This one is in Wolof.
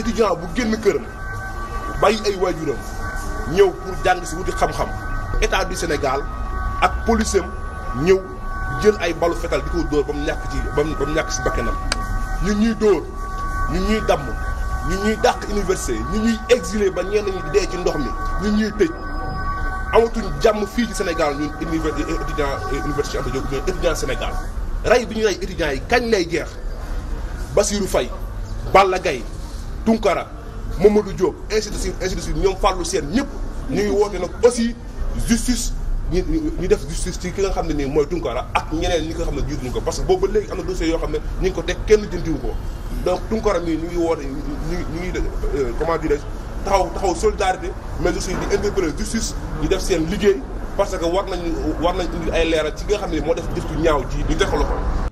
étudiant bu génn këram bàyyi ay waajuram ñëw pour jàng si wuti xam-xam état du Sénégal ak police ñëw jën ay balu fetal di ko dóor ba mu ñàkk ci ba mu ñàkk si bakkanam ñun ñuy dóor ñun ñuy damm ñun ñuy dàq université ñun ñuy exile ba ñenn ñi dee ci ndox mi nit ñuy tëj amatuñ jàmm fii ci Sénégal ñun université euh, euh, étudiant euh, université Anta Diop rey bi ñu rey étudiants yi kañ lay jeex Basirou fay Balla Gaye Tunkara Mamadou Diop ainsi de suite ainsi de suite ñoom Fallou seen ñëpp ñu ngi woote nag aussi justice ñu ñu def justice ci ki nga xam ne nii mooy Tunkara ak ñeneen ñi nga xam ne jiituñu ko parce que boobu léegi am na dossiers yoo xam ne ñu ngi ko teg kenn jëndiwu ko donc Tunkara mii ñu ngi woote ñu ñu ngi euh, comment dirais taxaw taxaw solidarité mais aussi di interpeller justice ñu def seen liggéey parce que war nañu war nañ indi ay leeral ci nga xam ne moo def jëf ju ñaaw ji ñu teg